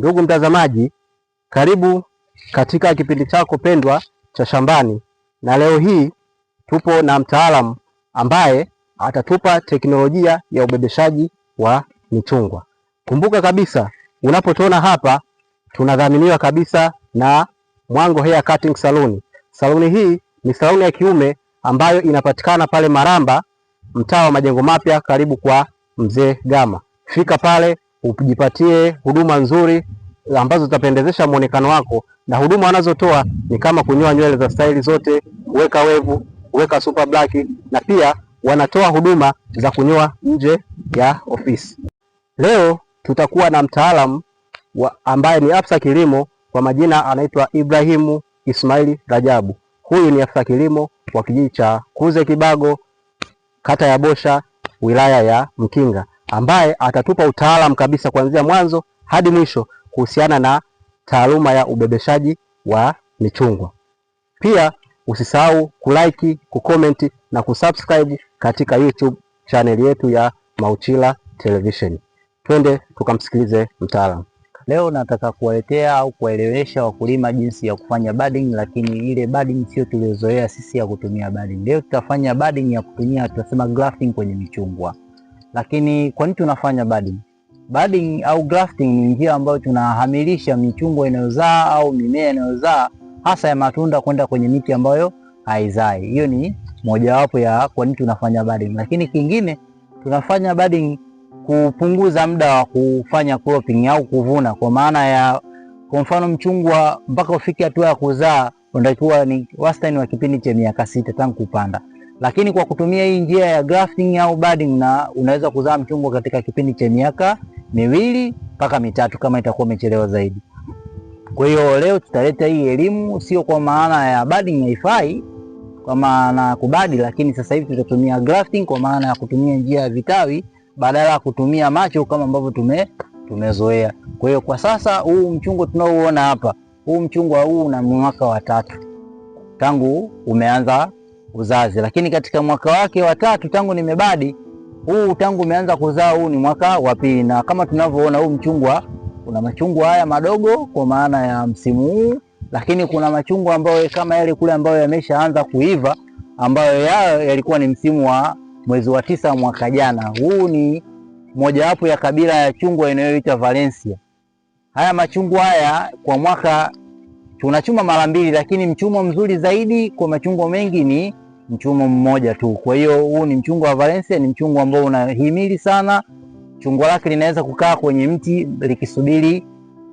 Ndugu mtazamaji, karibu katika kipindi chako pendwa cha shambani, na leo hii tupo na mtaalamu ambaye atatupa teknolojia ya ubebeshaji wa michungwa. Kumbuka kabisa, unapotona hapa tunadhaminiwa kabisa na Mwango Hair Cutting Saluni. Saluni hii ni saluni ya kiume ambayo inapatikana pale Maramba, mtaa wa Majengo Mapya, karibu kwa Mzee Gama. Fika pale ujipatie huduma nzuri ambazo zitapendezesha muonekano wako, na huduma wanazotoa ni kama kunyoa nywele za staili zote, kuweka wevu, kuweka super black, na pia wanatoa huduma za kunyoa nje ya ofisi. Leo tutakuwa na mtaalamu ambaye ni afisa kilimo, kwa majina anaitwa Ibrahimu Ismaili Rajabu. Huyu ni afisa kilimo wa kijiji cha Kuze Kibago, kata ya Bosha, wilaya ya Mkinga, ambaye atatupa utaalamu kabisa kuanzia mwanzo hadi mwisho kuhusiana na taaluma ya ubebeshaji wa michungwa. Pia usisahau kulike, kucomment na kusubscribe katika YouTube chaneli yetu ya Mauchila Television. Twende tukamsikilize mtaalamu. Leo nataka kuwaletea au kuwaelewesha wakulima jinsi ya kufanya budding, lakini ile budding sio tuliozoea sisi ya kutumia budding. Leo tutafanya budding ya kutumia tunasema grafting kwenye michungwa. Lakini kwa nini tunafanya budding? budding au grafting ni njia ambayo tunahamilisha michungwa inayozaa au mimea inayozaa hasa ya matunda kwenda kwenye miti ambayo haizai. Hiyo ni mojawapo ya kwa nini tunafanya budding, lakini kingine tunafanya budding kupunguza muda wa kufanya cropping au kuvuna, kwa maana ya kwa mfano mchungwa mpaka ufike hatua ya kuzaa unatakiwa ni wastani wa kipindi cha miaka sita tangu kupanda, lakini kwa kutumia hii njia ya grafting au budding na unaweza kuzaa mchungwa katika kipindi cha miaka miwili mpaka mitatu kama itakuwa imechelewa zaidi. Kwa hiyo leo tutaleta hii elimu, sio kwa maana ya badi haifai kwa maana ya kubadi, lakini sasa hivi tutatumia grafting kwa maana ya kutumia njia ya vitawi badala ya kutumia macho kama ambavyo tume tumezoea. Kwa hiyo kwa sasa huu mchungwa tunaoona hapa, huu mchungwa huu una mwaka wa tatu tangu umeanza uzazi, lakini katika mwaka wake wa tatu tangu nimebadi huu tangu umeanza kuzaa huu ni mwaka wa pili, na kama tunavyoona huu mchungwa kuna machungwa haya madogo kwa maana ya msimu huu, lakini kuna machungwa ambayo kama yale kule ambayo yameshaanza kuiva ambayo yao yalikuwa ni msimu wa mwezi wa tisa mwaka jana. Huu ni mojawapo ya kabila ya chungwa inayoitwa Valencia. Haya machungwa haya kwa mwaka tunachuma mara mbili, lakini mchumo mzuri zaidi kwa machungwa mengi ni mchungu mmoja tu. Kwa hiyo huu ni mchungwa wa Valencia, ni mchungu ambao unahimili sana. Chungwa lake linaweza kukaa kwenye mti likisubiri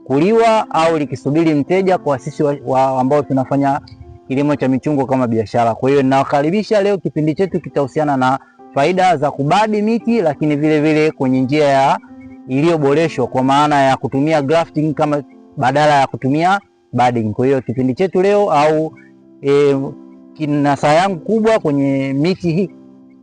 kuliwa au likisubiri mteja, kwa sisi wa, wa ambao tunafanya kilimo cha michungwa kama biashara. Kwa hiyo ninawakaribisha leo, kipindi chetu kitahusiana na faida za kubadi miti, lakini vile vile kwenye njia ya iliyoboreshwa kwa maana ya kutumia grafting kama badala ya kutumia budding. Kwa hiyo kipindi chetu leo au e, kinasa yangu kubwa kwenye miti hii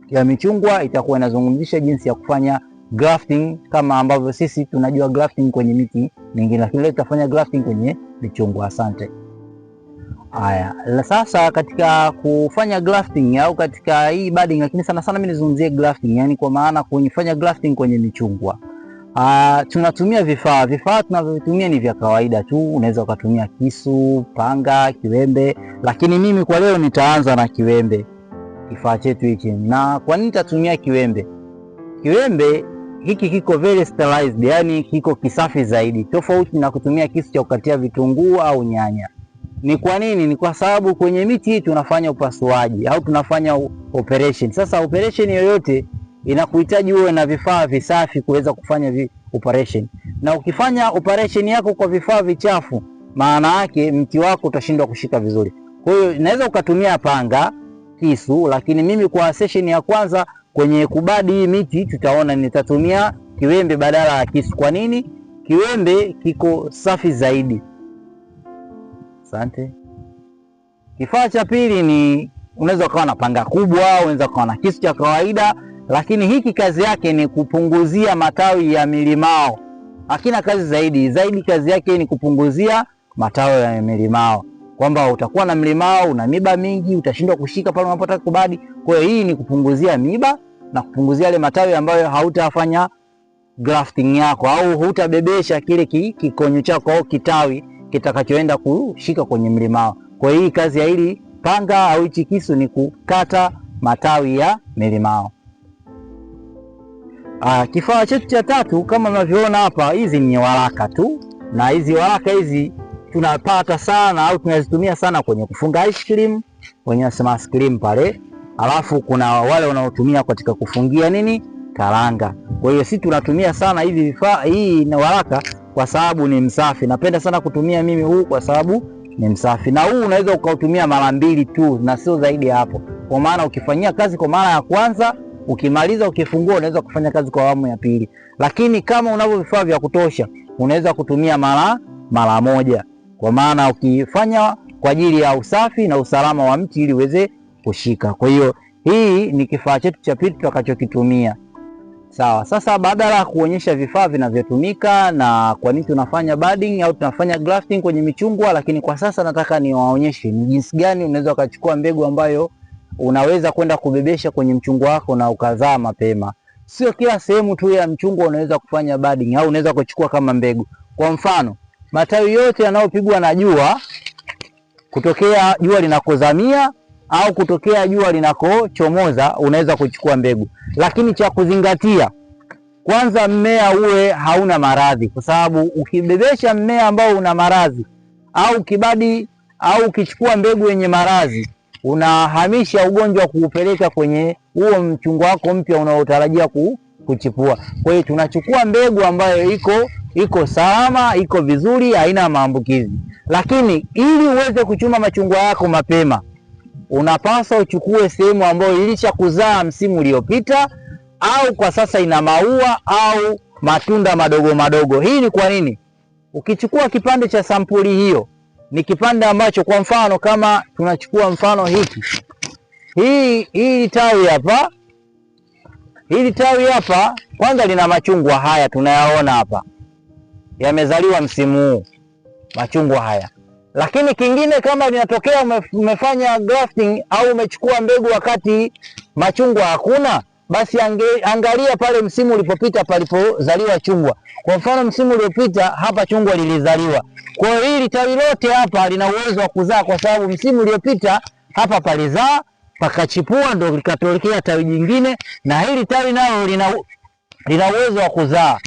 ya michungwa itakuwa inazungumzisha jinsi ya kufanya grafting kama ambavyo sisi tunajua grafting kwenye miti mingine, lakini leo tutafanya grafting kwenye michungwa. Asante. Haya, sasa katika kufanya grafting au katika hii budding, lakini sana sana mimi nizungumzie grafting, yani kwa maana kufanya grafting kwenye michungwa. Uh, tunatumia vifaa. Vifaa tunavyotumia ni vya kawaida tu, unaweza ukatumia kisu, panga, kiwembe, lakini mimi kwa leo nitaanza na kiwembe, kifaa chetu hiki. Na kwa nini nitatumia kiwembe? Kiwembe hiki kiko very sterilized, yani kiko kisafi zaidi, tofauti na kutumia kisu cha kukatia vitunguu au nyanya. Ni kwa nini? Ni kwa sababu kwenye miti hii tunafanya upasuaji au tunafanya operation. Sasa operation yoyote inakuhitaji uwe na vifaa visafi kuweza kufanya vi operation, na ukifanya operation yako kwa vifaa vichafu, maana yake mti wako utashindwa kushika vizuri. Kwa hiyo naweza ukatumia panga, kisu, lakini mimi kwa session ya kwanza kwenye kubadi hii miti tutaona nitatumia kiwembe badala ya kisu. Kwa nini? Kiwembe kiko safi zaidi. Asante. Kifaa cha pili ni unaweza ukawa na panga kubwa, unaweza ukawa na kisu cha kawaida lakini hiki kazi yake ni kupunguzia matawi ya milimao. Hakina kazi zaidi zaidi, kazi yake ni kupunguzia matawi ya milimao, kwamba utakuwa na mlimao una miba mingi, utashindwa kushika pale unapotaka kubadi. Kwa hiyo hii ni kupunguzia miba na kupunguzia yale matawi ambayo hautafanya grafting yako au hutabebesha kile kikonyo chako au kitawi kitakachoenda kushika kwenye mlimao. Kwa hiyo hii kazi ya hili panga au hichi kisu ni kukata matawi ya milimao. Ah, kifaa chetu cha tatu kama unavyoona hapa, hizi ni waraka tu, na hizi waraka hizi tunapata sana au tunazitumia sana kwenye kufunga ice cream, kwenye nasema ice cream pale, alafu kuna wale wanaotumia katika kufungia nini karanga. Kwa hiyo sisi tunatumia sana hivi vifaa, hii na waraka kwa sababu ni msafi. Napenda sana kutumia mimi huu kwa sababu ni msafi, na huu unaweza ukautumia mara mbili tu na sio zaidi ya hapo, kwa maana ukifanyia kazi kwa mara ya kwanza Ukimaliza ukifungua, unaweza kufanya kazi kwa awamu ya pili, lakini kama unavyo vifaa vya kutosha, unaweza kutumia mara mara moja, kwa maana ukifanya kwa ajili ya usafi na usalama wa mti ili uweze kushika. Kwa hiyo hii ni kifaa chetu cha pili tutakachokitumia. Sawa. Sasa badala ya kuonyesha vifaa vinavyotumika na kwa nini tunafanya budding au tunafanya grafting kwenye michungwa, lakini kwa sasa nataka niwaonyeshe ni jinsi gani unaweza ukachukua mbegu ambayo unaweza kwenda kubebesha kwenye mchungwa wako na ukazaa mapema. Sio kila sehemu tu ya mchungwa unaweza kufanya budding au unaweza kuchukua kama mbegu. Kwa mfano, matawi yote yanayopigwa na jua kutokea jua linakozamia au kutokea jua linakochomoza unaweza kuchukua mbegu, lakini cha kuzingatia kwanza, mmea uwe hauna maradhi, kwa sababu ukibebesha mmea ambao una maradhi au kibadi au ukichukua mbegu yenye maradhi unahamisha ugonjwa kuupeleka kwenye huo mchungwa wako mpya unaotarajia ku, kuchipua. Kwa hiyo tunachukua mbegu ambayo iko iko salama, iko vizuri, haina maambukizi. Lakini ili uweze kuchuma machungwa yako mapema, unapaswa uchukue sehemu ambayo ilisha kuzaa msimu uliopita, au kwa sasa ina maua au matunda madogo madogo. Hii ni kwa nini? Ukichukua kipande cha sampuli hiyo ni kipande ambacho kwa mfano kama tunachukua mfano hiki hii hii tawi hapa, hili tawi hapa kwanza lina machungwa haya tunayaona hapa, yamezaliwa msimu huu machungwa haya. Lakini kingine kama linatokea umefanya grafting au umechukua mbegu wakati machungwa hakuna basi ange, angalia pale msimu ulipopita palipozaliwa chungwa. Kwa mfano msimu uliopita hapa chungwa lilizaliwa, kwa hiyo hili tawi lote hapa lina uwezo wa kuzaa, kwa sababu msimu uliopita hapa palizaa pakachipua, ndo likatokea tawi jingine, na hili tawi nalo lina lina uwezo wa kuzaa.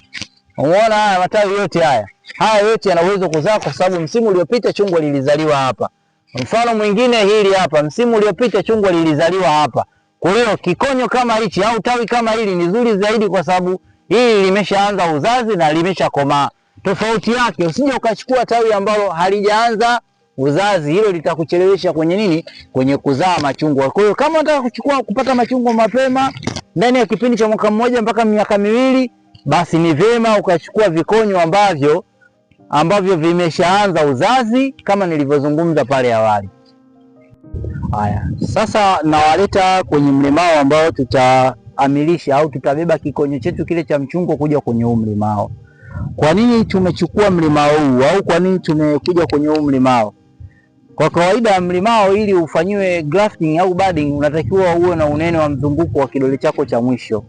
Umeona haya matawi yote haya, haya yote yana uwezo kuzaa, kwa sababu msimu uliopita chungwa lilizaliwa hapa. Mfano mwingine hili hapa, msimu uliopita chungwa lilizaliwa hapa kwa hiyo kikonyo kama hichi au tawi kama hili ni zuri zaidi, kwa sababu hili limeshaanza uzazi na limeshakomaa. Tofauti yake usije ukachukua tawi ambalo halijaanza uzazi, hilo litakuchelewesha kwenye nini, kwenye kuzaa machungwa. Kwa hiyo kama unataka kuchukua kupata machungwa mapema ndani ya kipindi cha mwaka mmoja mpaka miaka miwili, basi ni vyema ukachukua vikonyo ambavyo ambavyo vimeshaanza uzazi kama nilivyozungumza pale awali. Haya, sasa nawaleta kwenye mlimao ambao tutaamilisha au tutabeba kikonyo chetu kile cha mchungwa kuja kwenye huu mlimao. Kwa nini tumechukua mlimao huu au kwa nini tumekuja kwenye huu mlimao? Kwa kawaida mlimao ili ufanyiwe grafting au budding unatakiwa uwe na unene wa mzunguko wa kidole chako cha mwisho.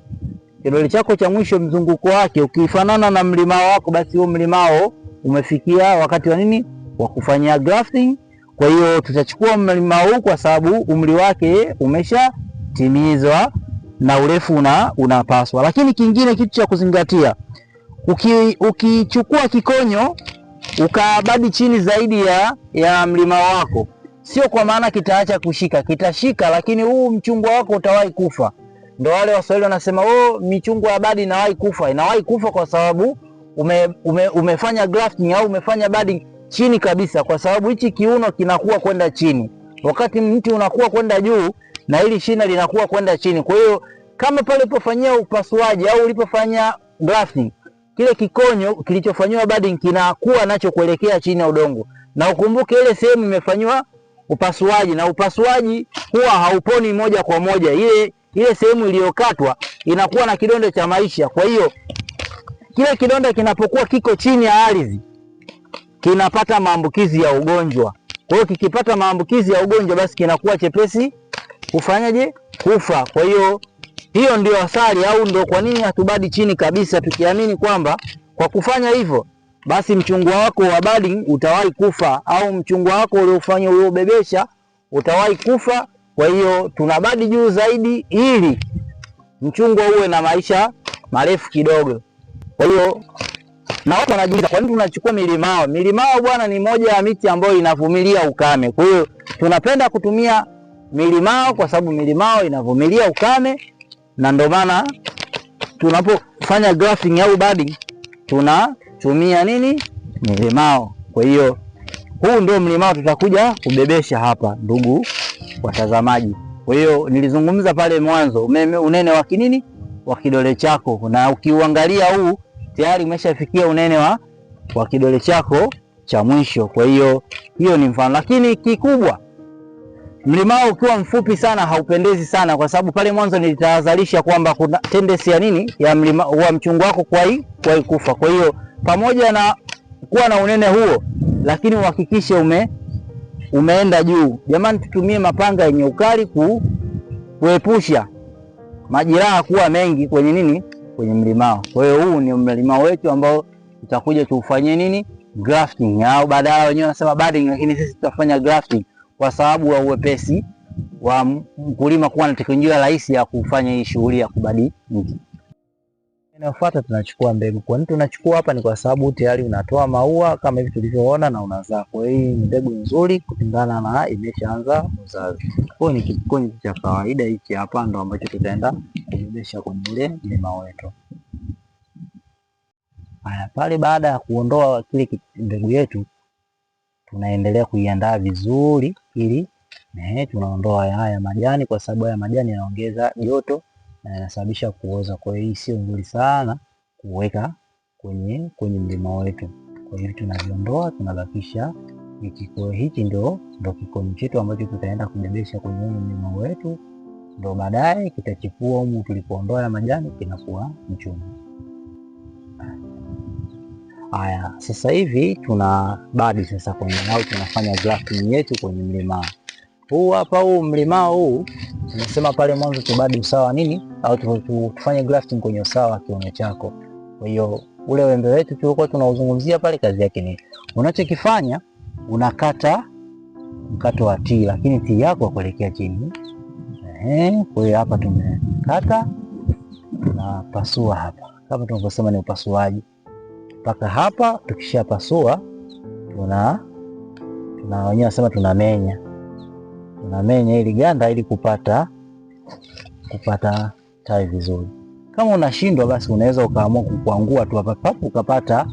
Kidole chako cha mwisho mzunguko wake ukifanana na mlimao wako, basi huo mlimao umefikia wakati wa nini wa kufanyia grafting kwa hiyo tutachukua mlima huu kwa sababu umri wake umeshatimizwa na urefu una unapaswa. Lakini kingine kitu cha kuzingatia, ukichukua uki kikonyo ukabadi chini zaidi ya, ya mlima wako, sio kwa maana kitaacha kushika, kitashika, lakini huu mchungwa wako utawahi kufa. Ndo wale Waswahili wanasema oh, michungwa ya badi inawahi kufa. Inawahi kufa kwa sababu ume, ume, umefanya grafting au umefanya badi chini kabisa, kwa sababu hichi kiuno kinakuwa kwenda chini, wakati mti unakuwa kwenda juu na hili shina linakuwa kwenda chini. Kwa hiyo kama pale ulipofanyia upasuaji au ulipofanya grafting, kile kikonyo kilichofanyiwa budding kinakuwa nacho kuelekea chini ya udongo, na ukumbuke ile sehemu imefanyiwa upasuaji, na upasuaji huwa hauponi moja kwa moja. Ile ile sehemu iliyokatwa inakuwa na kidonda cha maisha. Kwa hiyo kile kidonda kinapokuwa kiko chini ya ardhi kinapata maambukizi ya ugonjwa. Kwa hiyo kikipata maambukizi ya ugonjwa, basi kinakuwa chepesi kufanyaje? Kufa. Kwa hiyo hiyo ndio asali au ndio kwa nini hatubadi chini kabisa, tukiamini kwamba kwa kufanya hivyo basi mchungwa wako wa budding utawahi kufa au mchungwa wako uliofanya uliobebesha utawahi kufa. Kwa hiyo tunabadi juu zaidi ili mchungwa uwe na maisha marefu kidogo. Kwa hiyo na watu wanajiuliza kwa nini tunachukua milimao. Milimao bwana, ni moja ya miti ambayo inavumilia ukame. Kwa hiyo tunapenda kutumia milimao kwa sababu milimao inavumilia ukame, na ndio maana tunapofanya grafting au budding tunatumia nini? Milimao. Kwa hiyo huu ndio mlimao tutakuja kubebesha hapa, ndugu watazamaji. Kwa hiyo nilizungumza pale mwanzo, unene wa kinini wa kidole chako, na ukiuangalia huu tayari umeshafikia unene wa, wa kidole chako cha mwisho. Kwa hiyo hiyo ni mfano, lakini kikubwa mlima ukiwa mfupi sana haupendezi sana, kwa sababu pale mwanzo nilitahadharisha kwamba kuna tendency ya nini ya mlima wa mchungu wako kwa hii kufa. Kwa hiyo pamoja na kuwa na unene huo, lakini uhakikishe ume umeenda juu. Jamani, tutumie mapanga yenye ukali ku, kuepusha majeraha kuwa mengi kwenye nini kwenye mlimao. Kwa hiyo huu ni mlimao wetu ambao tutakuja tuufanyie nini? Grafting au badala wenyewe wanasema budding, lakini sisi tutafanya grafting kwa sababu ya uwepesi wa mkulima kuwa na teknolojia rahisi ya kufanya hii shughuli ya kubadili miti. Inayofuata tunachukua mbegu. Kwa nini tunachukua hapa? Ni kwa sababu tayari unatoa maua kama hivi tulivyoona na unazaa. Kwa hii ni mbegu nzuri kulingana na imeshaanza uzazi. Kwa hiyo ni kikoni cha kawaida hiki hapa ndo ambacho tutaenda kwenye ile mlima wetu. Pale baada ya kuondoa kile mbegu yetu, tunaendelea kuiandaa vizuri ili eh, tunaondoa haya majani, kwa sababu haya majani yanaongeza joto na yanasababisha kuoza. Kwa hiyo hii sio nzuri sana kuweka kwenye kwenye mlima wetu. Kwa hiyo tunaviondoa, tunabakisha hiki. Kwa hiyo hiki ndio ndio kikoni chetu ambacho tutaenda kubebesha kwenye mlima wetu ndo baadaye kitachipua humu tulipoondoa ya majani kinakuwa mchungu. Haya, sasa hivi tuna badi sasa kwenye nao tunafanya grafting yetu kwenye mlima huu hapa. Huu mlima huu tunasema pale mwanzo tubadi usawa nini, au tufanye grafting kwenye usawa wa kiuno chako. Kwa hiyo ule wembe wetu tulikuwa tunauzungumzia pale, kazi yake ni unachokifanya unakata mkato wa T, lakini T yako kuelekea chini Eh, kwa hiyo hapa tumekata tunapasua hapa kama tunavyosema ni upasuaji mpaka hapa. Tukishapasua tuna tuna wenyewe wanasema tunamenya, tunamenya ili ganda ili kupata kupata tai vizuri. Kama unashindwa basi, unaweza ukaamua kukwangua tu hapa papu, ukapata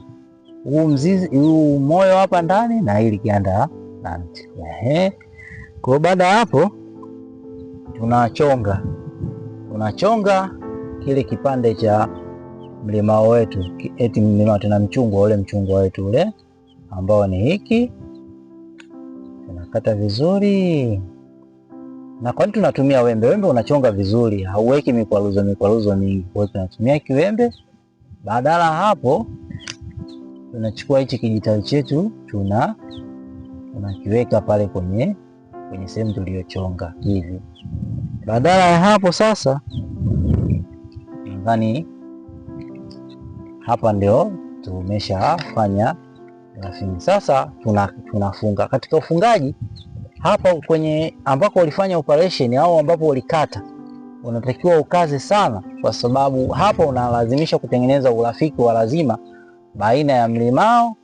huu mzizi huu moyo hapa ndani na ili ganda. Kwa baada ya hapo tunachonga tunachonga kile kipande cha mlimao wetu, eti mlima tuna mchungwa, ule mchungwa wetu ule ambao ni hiki, tunakata vizuri. Na kwani tunatumia wembe? Wembe unachonga vizuri, hauweki mikwaruzo mikwaruzo mingi, kwa tunatumia kiwembe. Badala hapo, tunachukua hichi kijitawi chetu tuna tunakiweka pale kwenye kwenye sehemu tuliyochonga hivi. Badala ya hapo sasa, nadhani hapa ndio tumeshafanya rafini. Sasa tunafunga, katika ufungaji hapa kwenye ambako ulifanya operation au ambapo ulikata unatakiwa ukaze sana, kwa sababu hapa unalazimisha kutengeneza urafiki wa lazima baina ya mlimao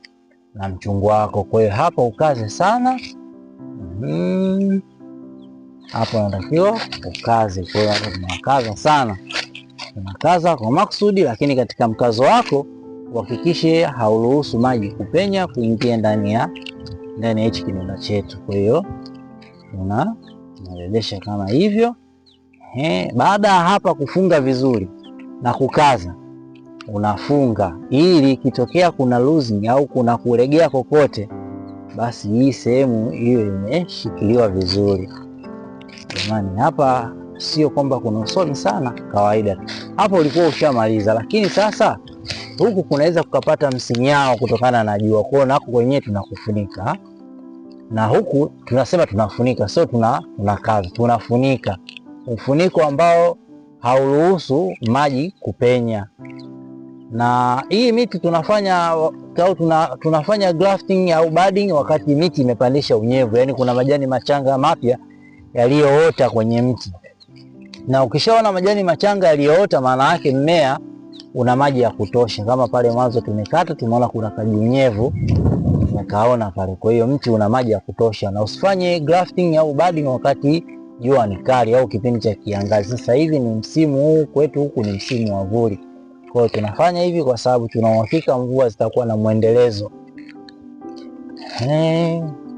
na mchungu wako. Kwa hiyo hapa ukaze sana hapo anatakiwa ukaze. Kwa hiyo tunakaza sana, unakaza kwa makusudi, lakini katika mkazo wako uhakikishe hauruhusu maji kupenya kuingia ndani ya ndani ya hichi kidonda chetu. Kwa hiyo una nalelesha kama hivyo. Baada ya hapa kufunga vizuri na kukaza, unafunga ili ikitokea kuna losing au kuna kuregea kokote basi hii sehemu hiyo imeshikiliwa vizuri. Jamani, hapa sio kwamba kuna usoni sana, kawaida. Hapo ulikuwa ushamaliza, lakini sasa huku kunaweza kukapata msinyao kutokana na jua, kwa nako kwenyewe tunakufunika na huku tunasema tunafunika, sio tuna kazi tunafunika, ufuniko ambao hauruhusu maji kupenya na hii miti tunafanya au tuna, tunafanya grafting au budding wakati miti imepandisha unyevu, yaani kuna majani machanga mapya yaliyoota kwenye mti. Na ukishaona majani machanga yaliyoota, maana yake mmea una maji ya kutosha. Kama pale mwanzo tumekata, tumeona kuna kajunyevu tumekaona pale, kwa hiyo mti una maji ya kutosha. Na usifanye grafting au budding wakati jua ni kali au kipindi cha kiangazi. Sasa hivi ni msimu huu kwetu, huku ni msimu wa vuli. Kwa hiyo tunafanya hivi kwa sababu tunauhakika mvua zitakuwa na mwendelezo.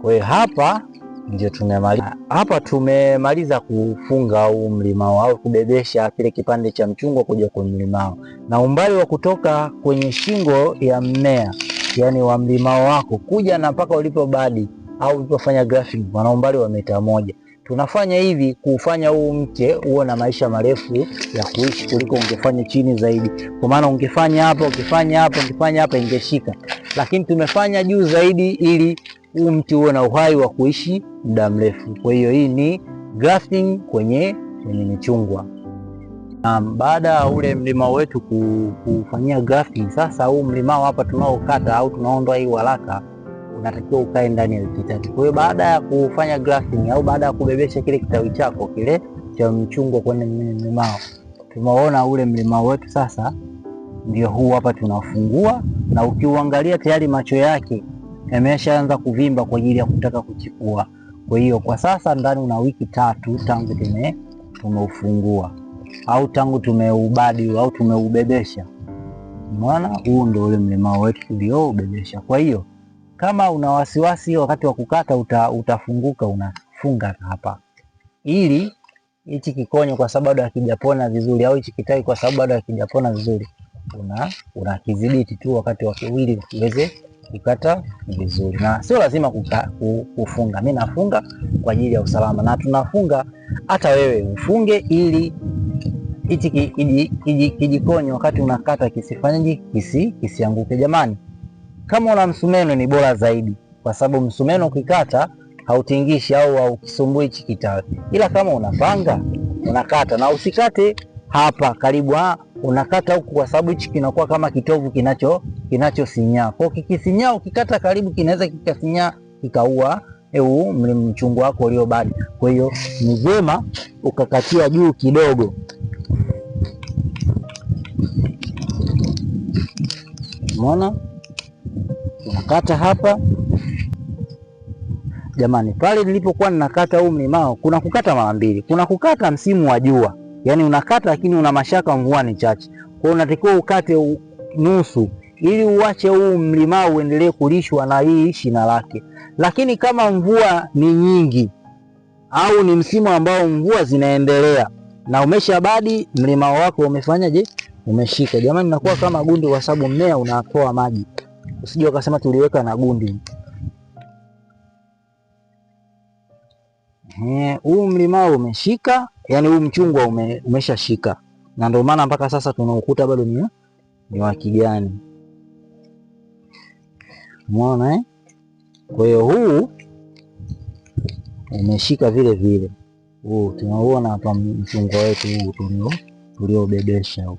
Kwa hiyo hapa ndio tumemaliza, hapa tumemaliza kufunga huu mlimao au kubebesha kile kipande cha mchungwa kuja kwenye mlimao, na umbali wa kutoka kwenye shingo ya mmea yani wa mlimao wako kuja na mpaka ulipo badi au ulipofanya grafting, wana umbali wa mita moja. Tunafanya hivi kuufanya huu mke uwe na maisha marefu ya kuishi kuliko ungefanya chini zaidi, kwa maana ungefanya hapa, ukifanya hapa, ungefanya hapa ingeshika, lakini tumefanya juu zaidi ili huu mti uwe na uhai wa kuishi muda mrefu. Kwa hiyo hii ni grafting kwenye kwenye michungwa. Um, baada ya ule mlima wetu kufanyia grafting, sasa huu mlimao hapa tunaokata au tunaondoa hii waraka unatakiwa ukae ndani ya wiki tatu. Kwa hiyo baada ya kufanya grafting au baada ya kubebesha kile kitawi chako kile cha mchungwa kwenye mlimao, tumeona ule mlimao wetu sasa ndio huu hapa, tunafungua na ukiuangalia tayari macho yake yameshaanza kuvimba kwa ajili ya kutaka kuchipua. Kwa hiyo kwa sasa ndani una wiki tatu tangu tume tumeufungua au tangu tumeubadi au tumeubebesha. Mwana huu ndio ule mlimao wetu ndio ubebesha. Kwa hiyo kama una wasiwasi wakati wa kukata uta, utafunguka unafunga hapa, ili hichi kikonyo kwa sababu hakijapona vizuri, au hichi kitai kwa sababu bado hakijapona vizuri, una unakidhibiti tu wakati wa kiwili uweze kukata vizuri, na sio lazima kuka, kufunga. Mimi nafunga kwa ajili ya usalama, na tunafunga hata wewe ufunge, ili hichi kijikonyo wakati unakata kisifanyaje, kisi kisianguke jamani. Kama una msumeno ni bora zaidi, kwa sababu msumeno ukikata hautingishi au haukisumbui kitawe ila kama unapanga unakata, na usikate hapa karibu ha, ah, unakata huku, kwa sababu hichi kinakuwa kama kitovu kinacho kinachosinyaa. Kwa kikisinyaa, ukikata karibu, kinaweza kikasinyaa kikaua eu eh, mchungu wako uliobaki. Kwa hiyo ni vyema ukakatia juu kidogo mona unakata hapa. Jamani, pale nilipokuwa ninakata huu mlimao, kuna kukata mara mbili. Kuna kukata msimu wa jua, yani unakata lakini una mashaka mvua ni chache, kwa hiyo unatakiwa ukate nusu ili uache huu mlimao uendelee kulishwa na hii shina lake. Lakini kama mvua ni nyingi au ni msimu ambao mvua zinaendelea na umeshabadi, mlimao wako umefanyaje? Umeshika. Jamani, nakuwa kama gundi, kwa sababu mmea unatoa maji usije ukasema tuliweka na gundi. Huu mlima umeshika, yani huu mchungwa ume, umeshashika na ndio maana mpaka sasa tunaukuta bado ni, ni wa kijani. Umeona eh? Kwa hiyo huu umeshika vile vile, huu tunauona hapa mchungwa wetu huu tuliobebesha huu.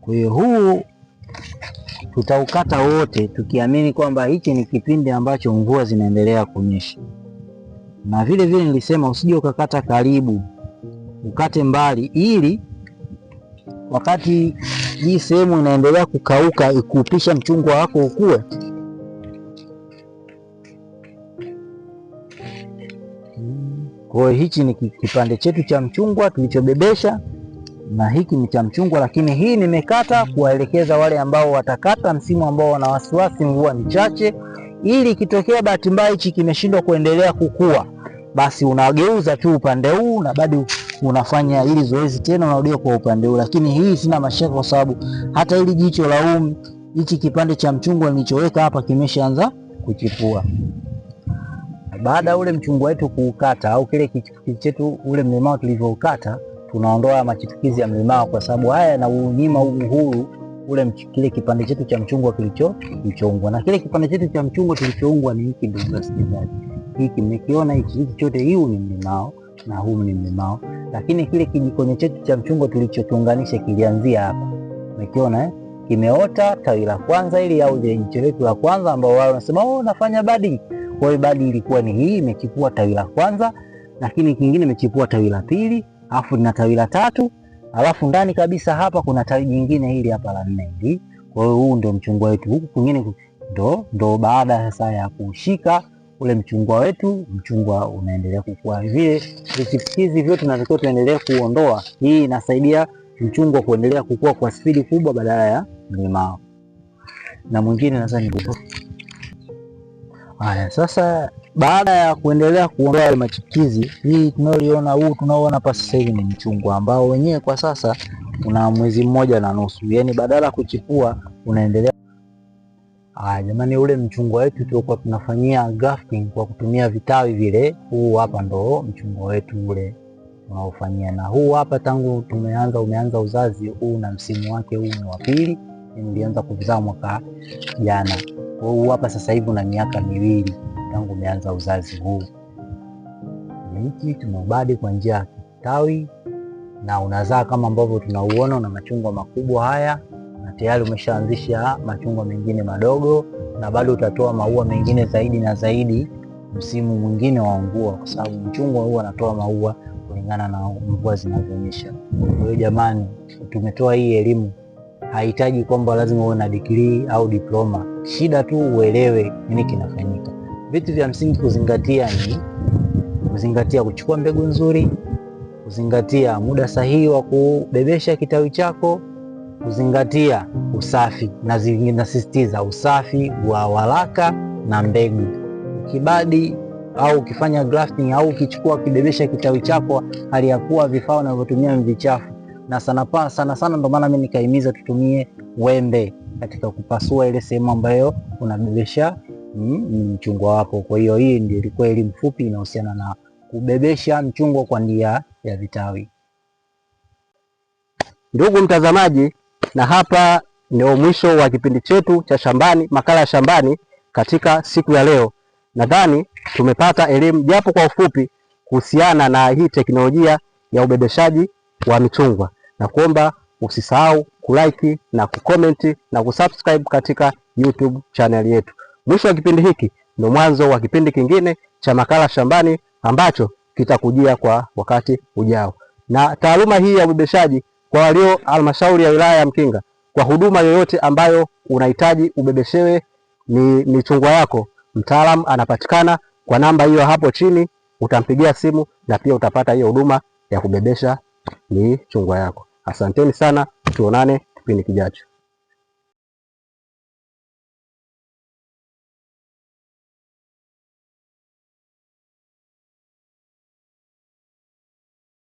Kwa hiyo huu Tutaukata wote tukiamini kwamba hichi ni kipindi ambacho mvua zinaendelea kunyesha, na vile vile nilisema usije ukakata karibu, ukate mbali, ili wakati hii sehemu inaendelea kukauka ikuupisha mchungwa wako ukue. Kwa hiyo hichi ni kipande chetu cha mchungwa tulichobebesha na hiki ni cha mchungwa, lakini hii nimekata kuwaelekeza wale ambao watakata msimu ambao wana wasiwasi mvua ni chache, ili ikitokea bahati mbaya hichi kimeshindwa kuendelea kukua, basi unageuza tu upande huu na bado unafanya ili zoezi tena, unarudia kwa upande huu. Lakini hii sina mashaka, kwa sababu hata ili jicho la umi hichi kipande cha mchungwa nilichoweka hapa kimeshaanza kuchipua. Baada ule mchungwa wetu kuukata au kile kichetu ule mlemao tulivyoukata tunaondoa machipukizi ya mlimao, kwa sababu haya na yanaunyima uhuru ule kile kipande chetu cha mchungwa kilicho kilichoungwa, na kile kipande chetu cha mchungwa kilichoungwa ni hiki, ndugu wasikilizaji, hiki mmekiona hiki, hiki chote, hiu ni mlimao na huu ni mlimao, lakini kile kijikonyo chetu cha mchungwa tulichokiunganisha kilianzia hapa, mmekiona eh? Kimeota tawi la kwanza ili au jicho letu la kwanza, ambao wao wanasema oh, nafanya badi. Kwa hiyo badi ilikuwa ni hii, imechipua tawi la kwanza, lakini kingine imechipua tawi la pili alafu lina tawi la tatu, alafu ndani kabisa hapa kuna tawi jingine hili hapa la nne hili. Kwa hiyo huu ndio mchungwa wetu, huku kwingine ndo ndo baada sasa ya kushika ule mchungwa wetu, mchungwa unaendelea kukua. Vile vichipukizi vyote tunatakiwa tuendelee kuondoa. Hii inasaidia mchungwa kuendelea kukua kwa spidi kubwa badala ya mlimao. Na mwingine nadhani haya sasa baada ya kuendelea kuondoa yale machipukizi, hii tunayoiona, huu tunaoona hapa sasa hivi ni mchungwa ambao wenyewe kwa sasa una mwezi mmoja na nusu, yaani badala ya kuchipua unaendelea. Haya jamani, ule mchungwa wetu tuliokuwa tunafanyia grafting kwa kutumia vitawi vile, huu hapa ndo mchungwa wetu ule unaofanyia, na huu hapa tangu tumeanza umeanza uzazi huu, na msimu wake huu ni wa pili, nilianza kuzaa mwaka jana. Huu hapa sasa hivi una miaka miwili tangu umeanza uzazi huu. Hiki tumeubadi kwa njia ya kitawi na unazaa kama ambavyo tunauona, na machungwa makubwa haya, na tayari umeshaanzisha machungwa mengine madogo, na bado utatoa maua mengine zaidi na zaidi msimu mwingine wa mvua, kwa sababu mchungwa huu anatoa maua kulingana na mvua zinavyonyesha. Kwa hiyo jamani, tumetoa hii elimu, haihitaji kwamba lazima uwe na degree au diploma, shida tu uelewe nini kinafanyika vitu vya msingi kuzingatia ni kuzingatia kuchukua mbegu nzuri, kuzingatia muda sahihi wa kubebesha kitawi chako, kuzingatia usafi. Nasisitiza usafi wa waraka na mbegu. Ukibadi au ukifanya grafting au ukichukua ukibebesha kitawi chako, hali ya kuwa vifaa unavyotumia ni vichafu, na sana sana sana, ndo maana mimi nikahimiza tutumie wembe katika kupasua ile sehemu ambayo unabebesha Hmm, ni mchungwa wapo. Kwa hiyo hii ndio ilikuwa elimu fupi inahusiana na kubebesha mchungwa kwa njia ya vitawi. Ndugu mtazamaji, na hapa ndio mwisho wa kipindi chetu cha shambani, makala ya shambani katika siku ya leo. Nadhani tumepata elimu japo kwa ufupi kuhusiana na hii teknolojia ya ubebeshaji wa michungwa, na kuomba usisahau kulike na kucomment na kusubscribe katika YouTube channel yetu. Mwisho wa kipindi hiki ndio mwanzo wa kipindi kingine cha makala shambani ambacho kitakujia kwa wakati ujao. Na taaluma hii ya ubebeshaji kwa walio halmashauri ya wilaya ya Mkinga, kwa huduma yoyote ambayo unahitaji ubebeshewe ni michungwa yako, mtaalam anapatikana kwa namba hiyo hapo chini, utampigia simu na pia utapata hiyo huduma ya kubebesha michungwa yako. Asanteni sana, tuonane kipindi kijacho.